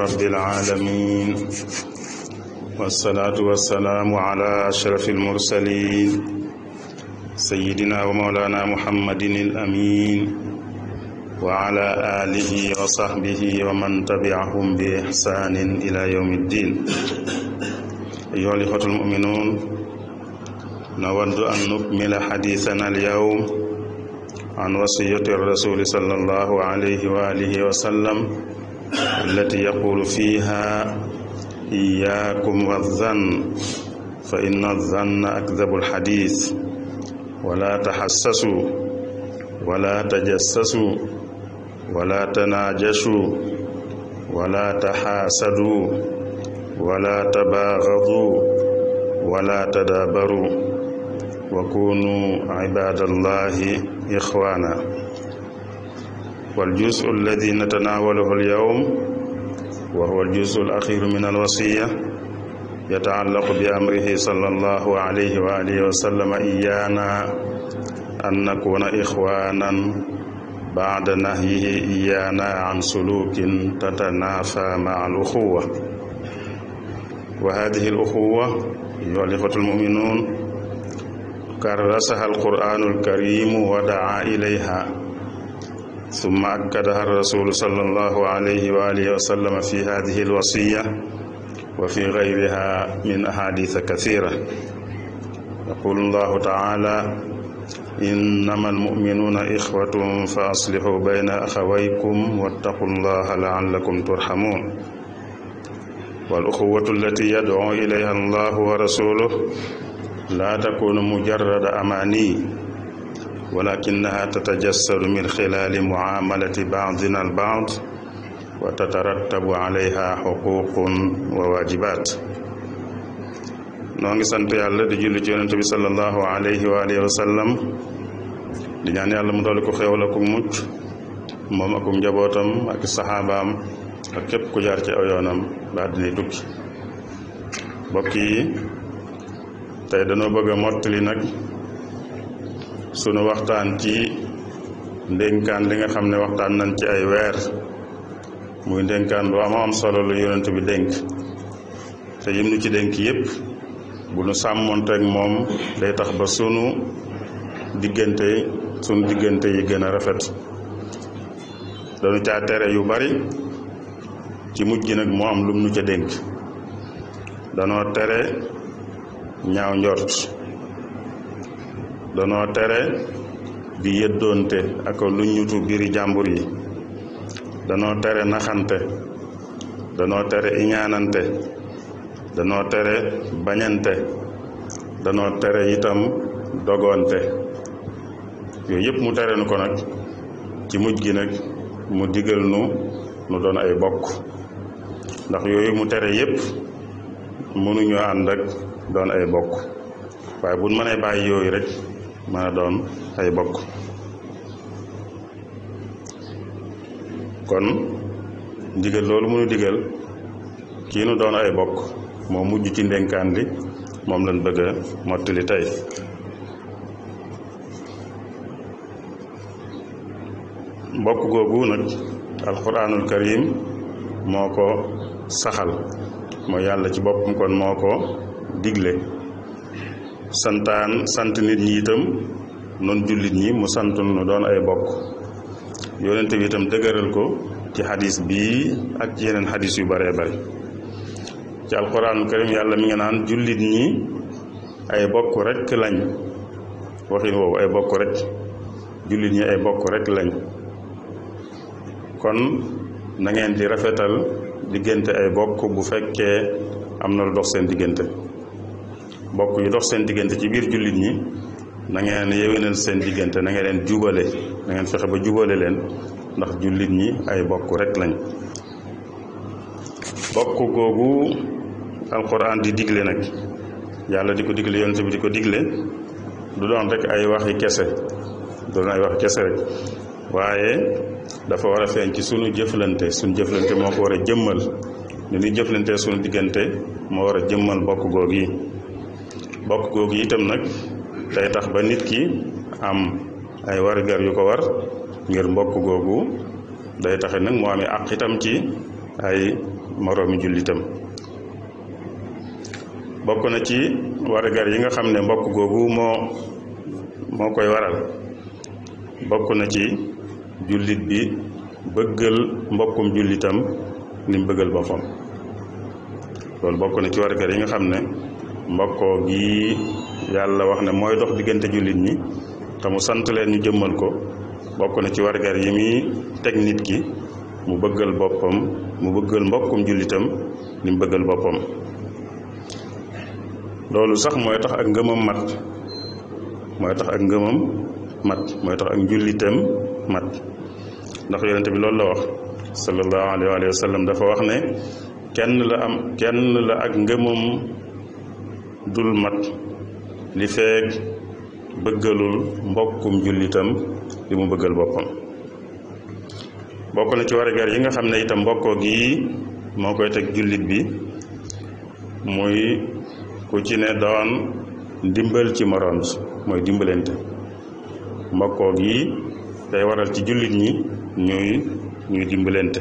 رب العالمين والصلاة والسلام على أشرف المرسلين سيدنا ومولانا محمد الأمين وعلى آله وصحبه ومن تبعهم بإحسان إلى يوم الدين أيها الإخوة المؤمنون نود أن نكمل حديثنا اليوم عن وصية الرسول صلى الله عليه وآله وسلم التي يقول فيها إياكم والظن فإن الظن أكذب الحديث ولا تحسسوا ولا تجسسوا ولا تناجشوا ولا تحاسدوا ولا تباغضوا ولا تدابروا وكونوا عباد الله إخوانا والجزء الذي نتناوله اليوم وهو الجزء الأخير من الوصية يتعلق بأمره صلى الله عليه وآله وسلم إيانا أن نكون إخوانا بعد نهيه إيانا عن سلوك تتنافى مع الأخوة وهذه الأخوة أيها الإخوة المؤمنون كرسها القرآن الكريم ودعا إليها ثم أكدها الرسول صلى الله عليه وآله وسلم في هذه الوصية وفي غيرها من أحاديث كثيرة يقول الله تعالى إنما المؤمنون إخوة فأصلحوا بين أخويكم واتقوا الله لعلكم ترحمون والأخوة التي يدعو إليها الله ورسوله لا تكون مجرد أماني walakinaha tatajassaru min xilaali muamalati baadina al baad wa tatarattabu alayha xuququn wa waajibaat noo ngi sant yàlla di julli ci bi salallahu alayhi wa alihi wa sallam di ñaan yàlla mu dolli ko xéewal ak mucc moom ak njabootam ak saxaabaam ak képp ku jaar ci aw yoonam ba tukki mbokk yi tey danoo bëgg a nag sunu waxtaan ci ndénkaan li nga xam ne waxtaan nañ ci ay weer muy ndénkaan lu am am solo la yonent bi dénk te yim nu ci dénk yépp bu nu sàmmoonteeg moom day tax ba sunu diggante sunu diggante yi gën a rafet danu caa tere yu bari ci mujj nag moo am lum nu ca dénk danoo tere ñaaw njort dono tere di yeddonte ako luññutu biri jambur yi dano tere naxante dano tere iñaanante dano tere bañante dano tere itam dogonte yooyu yépp mu tere nu ko nag ci muj gi nag mu digal nu nu doon ay bokk ndax yooyu mu tere yépp mënuñu ànd ak doon ay bokk waaye buñ mënee bàyyi yooyu rek ma ɗon hay bokko kon ndigal loolu munu digal kiinu doon ay bokk moo mujj ci ndenkaan di moom lan bëgg a mottali tey mbokk googu nag alquranul karim moo ko saxal mooy yàlla ci boppam kon moo ko digle santaan sant nit ñi itam noonu jullit ñi mu santul nu doon ay bokk yonente bi itam dëgëral ko ci xadis bii ak ci yeneen xadis yu bare bari ci alquranul karim yàlla mi nga naan jullit ñi ay bokk rekk lañ waxin woowu ay bokk rekk jullit ñi ay bokk rekk lañ kon na ngeen di rafetal diggante ay bokk bu fekkee am na lu dox seen diggante mbokk yu dox seen diggante ci biir jullit ñi na ngeen yéwénal seen diggante na ngeen leen jubale na ngeen fexe ba jubale leen ndax jullit ñi ay bokk rek lañ bokk googu alxuraan di digle nag yàlla di ko digle yonent bi di ko digle du doon rek ay waxi kese du doon ay waxi kese rek waaye dafa war a feeñ ci sunu jëflante sunu jëflante moo ko war a jëmmal ni ñuy jëflante sunu diggante moo war a jëmmal bokk googu yi bokk googu itam nag day tax ba nit ki am ay wargar yu ko war ngir mbokk googu day taxe nag moo amee àq itam ci ay moroomi jullitam bokk na ci wargar yi nga xam ne mbokk googu moo moo koy waral bokk na ci jullit bi bëggal mbokkum jullitam ni mu bëggal boppam loolu bokk na ci wargar yi nga xam ne mbokko gi yalla wax ne moy dox diggante julit ni te mu sant len ñu jëmmal ko bokku na ci wargar yi mi tek nit ki mu bëggal bopam mu bëggal mbokkum julitam lim bëggal bopam lolu sax moy tax ak mat moy tax ak mat moy tax ak julitam mat ndax yonent bi lolu la wax sallallahu alaihi wa sallam dafa wax ne kenn la am kenn la ak dul mat li feeg bëggalul mbokkum jullitam li mu bëggal boppam bokk na ci warugar yi nga xam ne itam mbokkoo gi moo koy teg jullit bi muy ku ci ne doon dimbal ci moroom si mooy dimbalante mbokkoo yi day waral ci jullit ñi ñuy ñuy dimbalante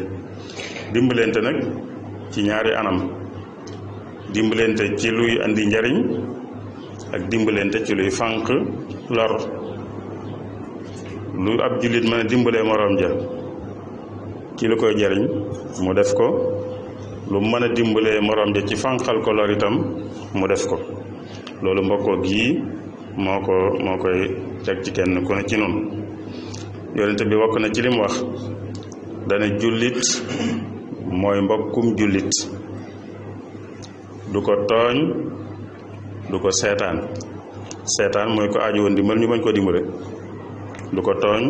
dimbalante nag ci ñaari anam dimbalante ci luy andi njariñ ak dimbalante ci luy fànq lor lu ab jullit mën dimbale dimbalee moroom ja ci lu koy jariñ mu def ko lu mën a dimbalee moroom ja ci fànqal ko lor itam mu def ko loolu mbokkoo gii moo ko moo koy teg ci kenn ku ne ci noonu yonente bi wokk na ci lim wax dana jullit mooy mbokkum jullit du ko tooñ du ko seetaan seetaan mooy ko aajowoon dimbal ñu bañ koo dimbale du ko tooñ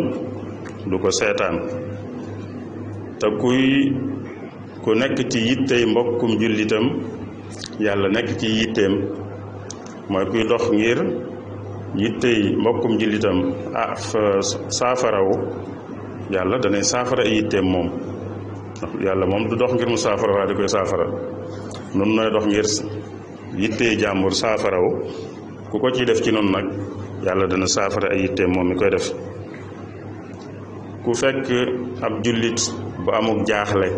du ko seetaan te kuy ku nekk ci yittey mbokkum jullitam yàlla nekk ci yitteem mooy kuy dox ngir yittey mbokkum jullitam ah saafarawu yàlla danay saafara ay yitteem moom yàlla moom du dox ngir mu saafara waaye da koy saafara noonu nooy dox ngir yittee jàmbur saafaraw ku ko ciy def ci nun nag yàlla dana saafara ay yittee moom mi koy def ku fekk ab jullit bu amuk jaaxle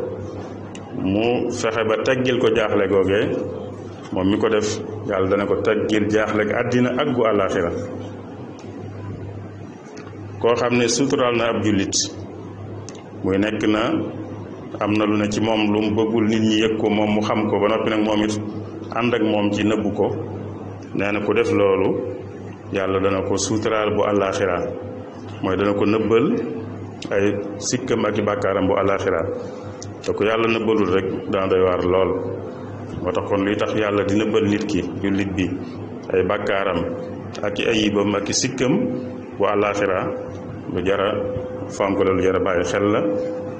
mu fexe ba teggil ko jaaxle googee moom mi ko def yàlla dana ko teggil jaaxle ak àddina ak gu àllaaxira koo xam ne suturaal na ab jullit muy nekk na am na lu ne ci moom lu mu bëggul nit ñi yëg ko moom mu xam ko ba noppi nag moom it ànd ak moom ci nëbbu ko nee na ku def loolu yàlla dana ko suutaraal bu àllaaxira mooy dana ko nëbbal ay sikkam ak i bàkkaaram bu àllaaxira te ku yàlla nëbbalul rek dana doy lool moo tax kon luy tax yàlla di nëbbal nit ki jullit bi ay bàkkaaram ak i ayibam ak bu lu jara fonk la lu jara bàyyi xel la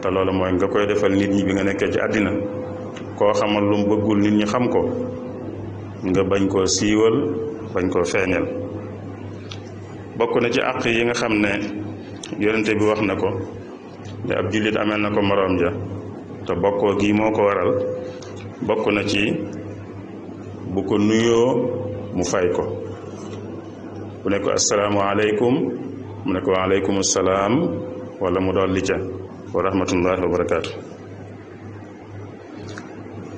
te loolu mooy nga koy defal nit ñi bi nga nekkee ci àddina koo xamal lu mu bëggul nit ñi xam ko nga bañ koo siiwal bañ koo feeñal bokk na ci àq yi nga xam ne yonente bi wax na ko ne ab jullit amel na ko moroom ja te bokkoo gii moo ko waral bokk na ci bu ko nuyoo mu fay ko mu ne ko asalaamualeykum mu ne ko waaleykum salaam wala mu dool li ca wa rahmatullahi wa barakatu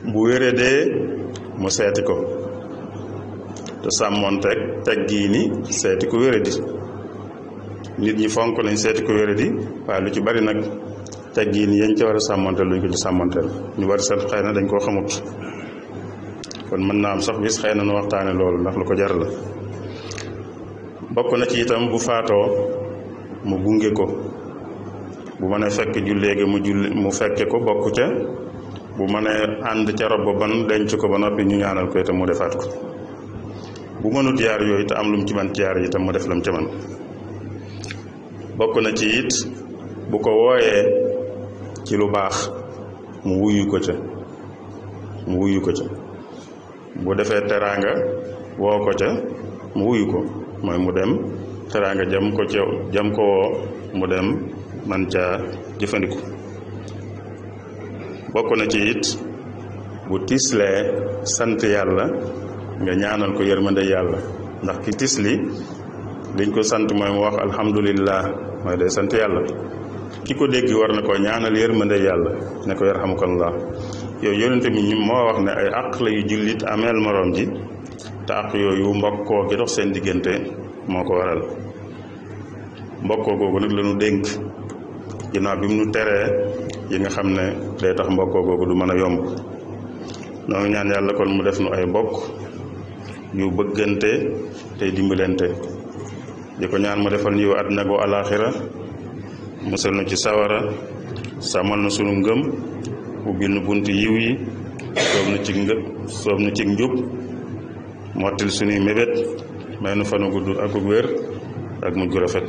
mbo werede mo seeti ko to sammon teg teggini seeti ko weredi nit ñi fonk lañ seeti ko weredi waa lu ci bari nag teggini yañ ca war a sàmmontel luñ ko ci sàmmontel ñu war seet xëy na dañ koo xamut kon mën naa am sax bis xëy na nu waxtaane loolu ndax lu ko jar la bokk na ci itam bu faatoo mu gunge ko bu mënee fekk jullee gi mu julli mu fekke ko bokk ca bu mënee ànd ca rob ban denc ko ba noppi ñu ñaanal ko itam mu defaat ko bu mënu yaar yooyu te am lu mu ci man ci yi itam mu def lu mu ca man bokk na ci it bu ko wooyee ci lu baax mu wuyu ko ca mu wuyu ko ca bu defee teraanga woo ko ca mu wuyu ko mooy mu dem teraanga jam ko ca jam ko woo mu dem man ca jëfandiku bokk na ci it bu tislee sant yàlla nga ñaanal ko yërmande yàlla ndax ki tisli liñ ko sant mooy mu wax alhamdulillah mooy day sant yàlla ki ko dégg war na ko ñaanal yërmande yàlla ne ko yarhamukallah yow yonente bi ñu moo wax ne ay àq la yu jullit ameel moroom ji te àq yooyu mbokkoo gi dox seen diggante moo ko waral mbokkoo googu nag dénk ginnaaw bi mu ñu teree yi nga xam ne day tax mbokkoo googu du mën a yomb noo ngi ñaan yàlla kon mu def nu ay bokk yu bëggante tey dimbalante di ñaan mu defal ñu àddina goo alaaxira musal nu ci sawara sàmmal na sunu ngëm ubbil nu bunt yiw yi soob nu ci ci njub mottil sunuy mébét may nu fanu gudd ak wér ak mujj gu rafet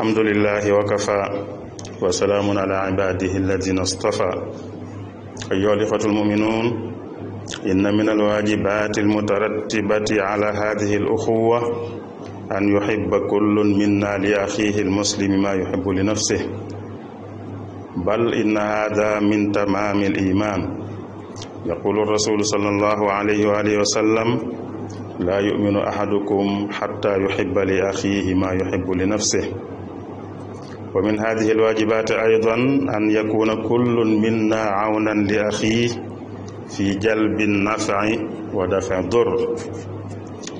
الحمد لله وكفى وسلام على عباده الذين اصطفى أيها الإخوة المؤمنون إن من الواجبات المترتبة على هذه الأخوة أن يحب كل منا لأخيه المسلم ما يحب لنفسه بل إن هذا من تمام الإيمان يقول الرسول صلى الله عليه وآله وسلم لا يؤمن أحدكم حتى يحب لأخيه ما يحب لنفسه ومن هذه الواجبات أيضا أن يكون كل منا عونا لأخيه في جلب النفع ودفع الضر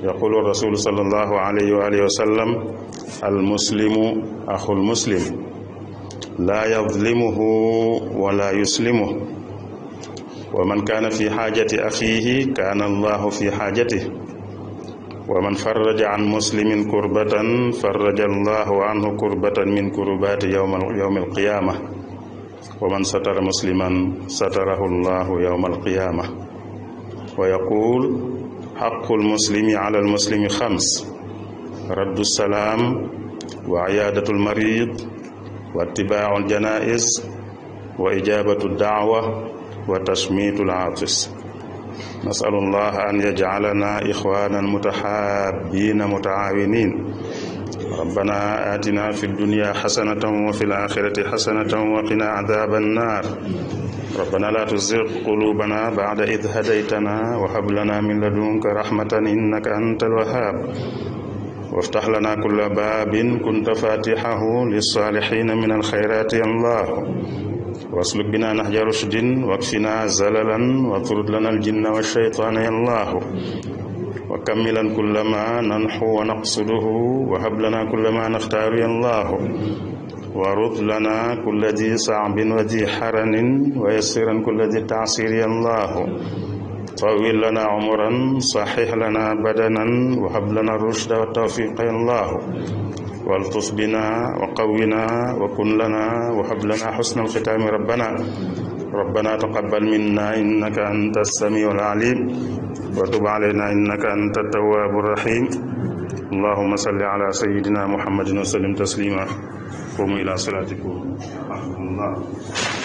يقول الرسول صلى الله عليه وآله وسلم المسلم أخو المسلم لا يظلمه ولا يسلمه ومن كان في حاجة أخيه كان الله في حاجته ومن فرج عن مسلم كربة فرج الله عنه كربة من كربات يوم يوم القيامة ومن ستر مسلما ستره الله يوم القيامة ويقول حق المسلم على المسلم خمس رد السلام وعيادة المريض واتباع الجنائز وإجابة الدعوة وتشميت العاطس نسأل الله أن يجعلنا إخوانا متحابين متعاونين ربنا آتنا في الدنيا حسنة وفي الآخرة حسنة وقنا عذاب النار ربنا لا تزغ قلوبنا بعد إذ هديتنا وهب لنا من لدنك رحمة إنك أنت الوهاب وافتح لنا كل باب كنت فاتحه للصالحين من الخيرات يا الله واسلك بنا نهج رشد واكفنا زللا واطرد لنا الجن والشيطان يا الله وكملا كل ما ننحو ونقصده وهب لنا كل ما نختار يا الله ورد لنا كل ذي صعب وذي حرن ويسرا كل ذي تعسير يا الله طول لنا عمرا صحح لنا بدنا وهب لنا الرشد والتوفيق يا الله والطف بنا وقونا وكن لنا وهب لنا حسن الختام ربنا ربنا تقبل منا إنك أنت السميع العليم وتب علينا إنك أنت التواب الرحيم اللهم صل على سيدنا محمد وسلم تسليما قوموا إلى صلاتكم رحمه الله